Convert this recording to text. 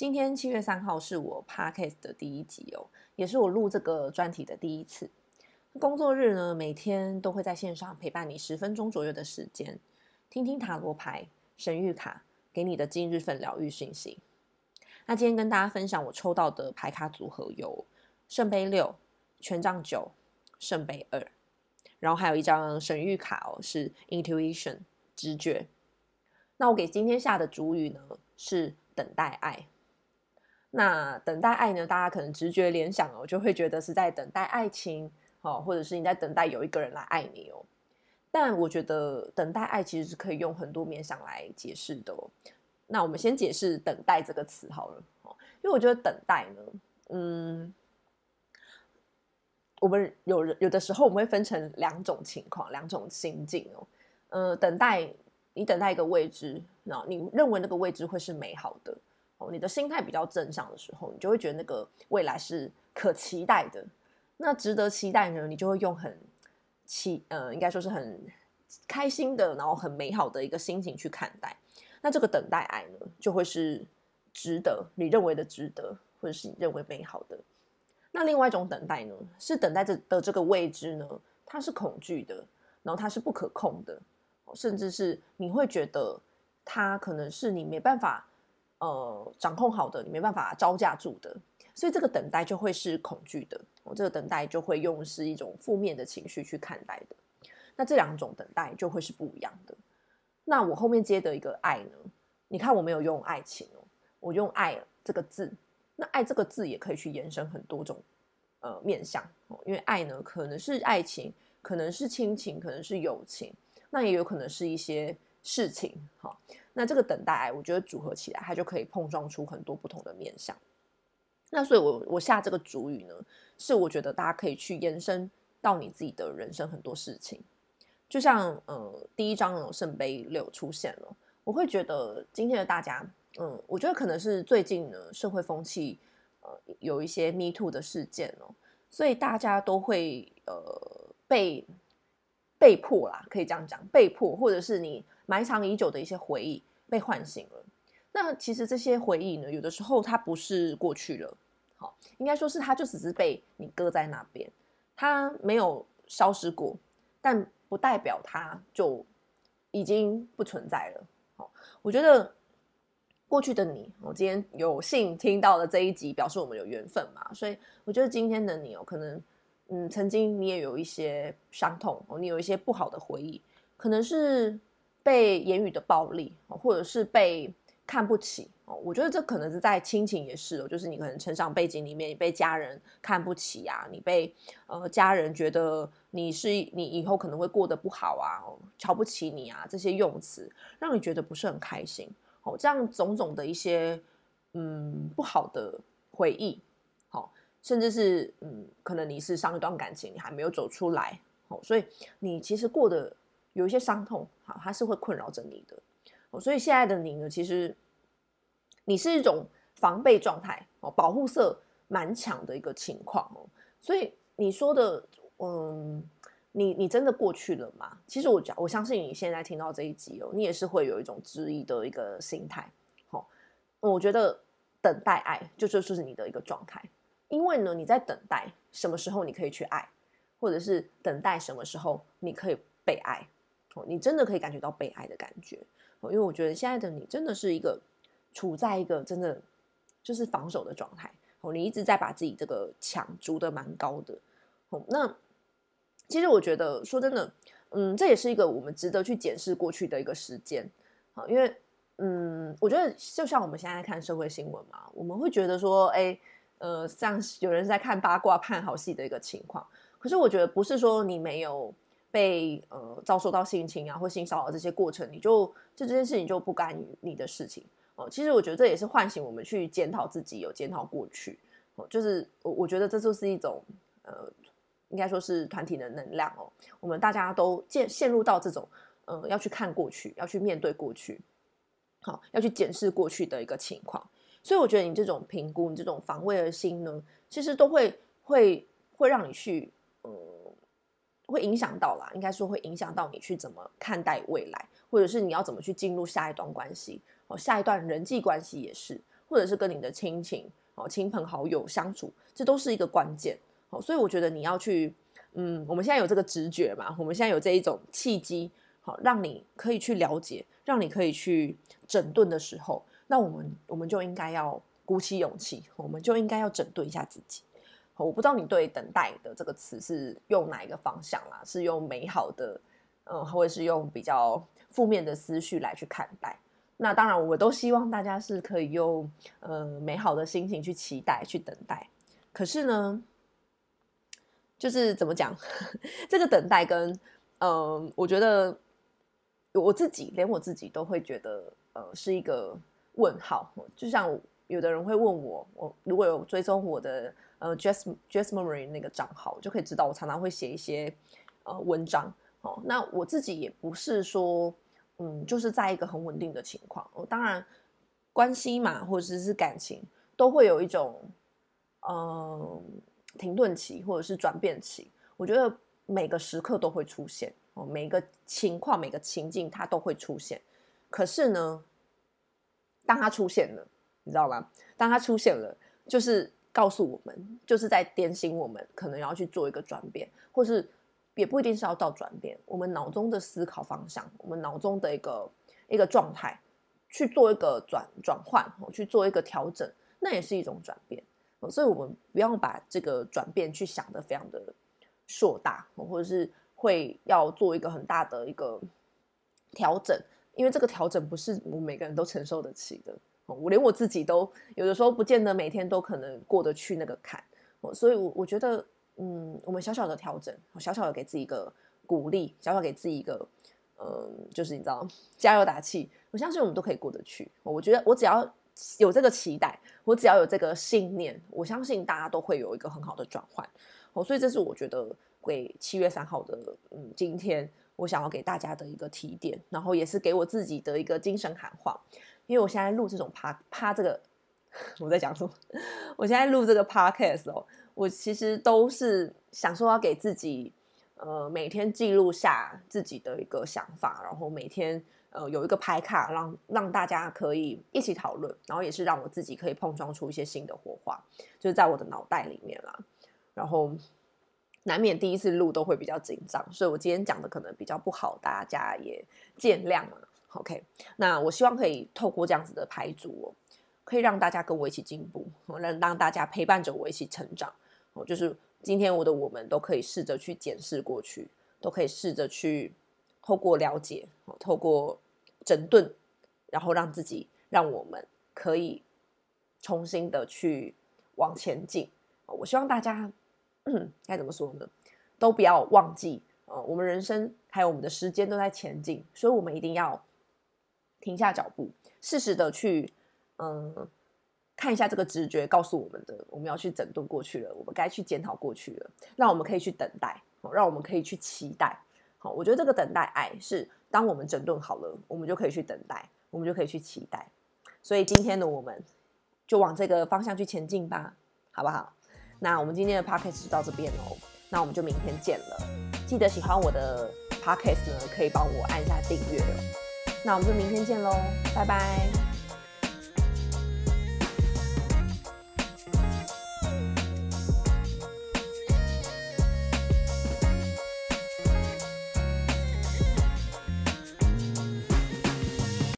今天七月三號是我 Podcast 的第一集哦，也是我錄這個專題的第一次。工作日呢，每天都會在線上陪伴你十分鐘左右的時間，聽聽塔羅牌、神諭卡給你的今日份療癒訊息。那今天跟大家分享我抽到的牌卡組合有聖杯六、權杖九、聖杯二，然後還有一張神諭卡哦，是 intuition 直覺。那我給今天下的主語呢是等待愛。那等待愛呢？大家可能直覺聯想哦，就會覺得是在等待愛情哦，或者是你在等待有一個人來愛你哦。但我覺得等待愛其實是可以用很多面向來解釋的哦。那我們先解釋“等待”這個詞好了哦，因為我覺得等待呢，嗯，我們有人有的時候我們會分成兩種情況、兩種心境哦。嗯、呃，等待你等待一個未知，然後你認為那個未知會是美好的。你的心態比較正向的時候，你就會覺得那個未來是可期待的。那值得期待呢？你就會用很期，呃，應該說是很開心的，然後很美好的一個心情去看待。那這個等待愛呢，就會是值得，你認為的值得，或者是你認為美好的。那另外一種等待呢，是等待着的這個未知呢，它是恐懼的，然後它是不可控的，甚至是你會覺得它可能是你沒辦法。呃，掌控好的，你沒辦法招架住的，所以這個等待就會是恐懼的。我、哦、這個等待就會用是一種負面的情緒去看待的。那這兩種等待就會是不一樣的。那我後面接的一個愛呢？你看我沒有用愛情哦，我用愛這個字。那愛這個字也可以去延伸很多種呃面向哦，因為愛呢可能是愛情，可能是親情，可能是友情，那也有可能是一些事情好。哦那這個等待，我覺得組合起來，它就可以碰撞出很多不同的面向。那所以我，我我下這個主語呢，是我覺得大家可以去延伸到你自己的人生很多事情。就像呃，第一張聖杯六出現了，我會覺得今天的大家，嗯，我覺得可能是最近呢社會風氣呃有一些 Me Too 的事件哦，所以大家都會呃被被迫啦，可以這樣講，被迫，或者是你埋藏已久的一些回憶。被喚醒了，那其實這些回憶呢，有的時候它不是過去了，好，應該說是它就只是被你擱在那邊，它沒有消失過，但不代表它就已經不存在了。好，我覺得過去的你，我今天有幸聽到了這一集，表示我們有緣分嘛，所以我覺得今天的你有、哦、可能嗯，曾經你也有一些傷痛，你有一些不好的回憶，可能是。被言語的暴力，或者是被看不起哦，我覺得這可能是在親情也是哦，就是你可能成長背景裡面，你被家人看不起啊，你被呃家人覺得你是你以後可能會過得不好啊，瞧不起你啊，這些用詞讓你覺得不是很開心哦，這樣種種的一些嗯不好的回憶，哦，甚至是嗯可能你是上一段感情你還沒有走出來哦，所以你其實過得。有一些傷痛，好，它是會困擾着你的哦。所以現在的你呢，其實你是一種防備狀態哦，保護色蠻強的一個情況哦。所以你說的，嗯，你你真的過去了嗎？其實我我相信你現在聽到這一集哦，你也是會有一種質疑的一個心態，哦。我覺得等待愛，就是，就是你的一個狀態，因為呢，你在等待什麼時候你可以去愛，或者是等待什麼時候你可以被愛。哦，你真的可以感覺到被愛的感覺，哦，因為我覺得現在的你真的是一個處在一個真的就是防守的狀態，哦，你一直在把自己這個牆築的蠻高的，哦，那其實我覺得說真的，嗯，這也是一個我們值得去檢視過去的一個時間，哦，因為嗯，我覺得就像我們現在看社會新聞嘛，我們會覺得說，哎，呃，像有人在看八卦、看好戲的一個情況，可是我覺得不是說你沒有。被呃，遭受到性侵啊或性騷擾，這些過程，你就這這件事情就不干你，你的事情哦。其實我覺得這也是喚醒我們去檢討自己，有檢討過去哦。就是我我覺得這就是一種呃，應該說是團體的能量哦。我們大家都陷陷入到這種嗯、呃，要去看過去，要去面對過去，好、哦，要去檢視過去的一個情況。所以我覺得你這種評估，你這種防衛的心呢，其實都會會會讓你去。會影響到啦，應該說會影響到你去怎麼看待未來，或者是你要怎麼去進入下一段關係，哦，下一段人際關係也是，或者是跟你的親情，哦，親朋好友相處，這都是一個關鍵。好，哦，所以我覺得你要去，嗯，我們現在有這個直覺嘛，我們現在有這一種契機，好，哦，讓你可以去了解，讓你可以去整頓的時候，那我們我們就應該要鼓起勇氣，我們就應該要整頓一下自己。我不知道你對“等待”的這個詞是用哪一個方向啦，啊？是用美好的，嗯、呃，或者是用比較負面的思緒來去看待？那當然，我都希望大家是可以用嗯、呃，美好的心情去期待，去等待。可是呢，就是怎麼講， 這個等待跟嗯、呃，我覺得我自己連我自己都會覺得呃是一個問號，就像有的人會問我，我如果有追蹤我的呃，Js Js Murmuring 那個賬號，我就可以知道我常常會寫一些呃文章哦。那我自己也不是說，嗯，就是在一個很穩定的情況。我、哦、當然關係嘛，或者是感情，都會有一種嗯、呃、停頓期或者是轉變期。我覺得每個時刻都會出現哦，每個情況、每個情境它都會出現。可是呢，當它出現了。你知道嗎？當它出現了，就是告訴我們，就是在點醒我們，可能要去做一個轉變，或是也不一定是要到轉變。我們腦中的思考方向，我們腦中的一個一個狀態，去做一個轉轉換，哦，去做一個調整，那也是一種轉變。哦，所以，我們不要把這個轉變去想得非常的碩大，哦，或者是會要做一個很大的一個調整，因為這個調整不是我們每個人都承受得起的。我連我自己都有的時候不見得每天都可能過得去那個坎，所以我我覺得，嗯，我們小小的調整，小小的給自己一個鼓勵，小小給自己一個，嗯，就是你知道加油打氣。我相信我們都可以過得去。我覺得我只要有這個期待，我只要有這個信念，我相信大家都會有一個很好的轉換。所以這是我覺得給七月三號的，嗯，今天我想要給大家的一個提點，然後也是給我自己的一個精神喊話。因為我現在錄這種趴趴這個，我在講什麼？我現在錄這個 podcast 哦，我其實都是想說要給自己，呃，每天記錄下自己的一個想法，然後每天呃有一個牌卡，讓讓大家可以一起討論，然後也是讓我自己可以碰撞出一些新的火花，就是在我的腦袋裡面啦，然後難免第一次錄都會比較緊張，所以我今天講的可能比較不好，大家也見諒了。OK，那我希望可以透過這樣子的牌組、哦，可以讓大家跟我一起進步，能、哦、讓大家陪伴着我一起成長。哦，就是今天我的我們都可以試着去檢視過去，都可以試着去透過了解，哦、透過整頓，然後讓自己，讓我們可以重新的去往前進、哦。我希望大家，該怎麼說呢？都不要忘記，呃、哦，我們人生還有我們的時間都在前進，所以我們一定要。停下腳步，適時的去，嗯，看一下這個直覺告訴我們的，我們要去整頓過去了，我們該去檢討過去了，讓我們可以去等待，好，讓我們可以去期待。好、哦，我覺得這個等待愛是，當我們整頓好了，我們就可以去等待，我們就可以去期待。所以今天的我們就往這個方向去前進吧，好不好？那我們今天的 podcast 就到這邊哦，那我們就明天見了。記得喜歡我的 podcast 呢，可以幫我按一下訂閱。那我們就明天見嘍，拜拜。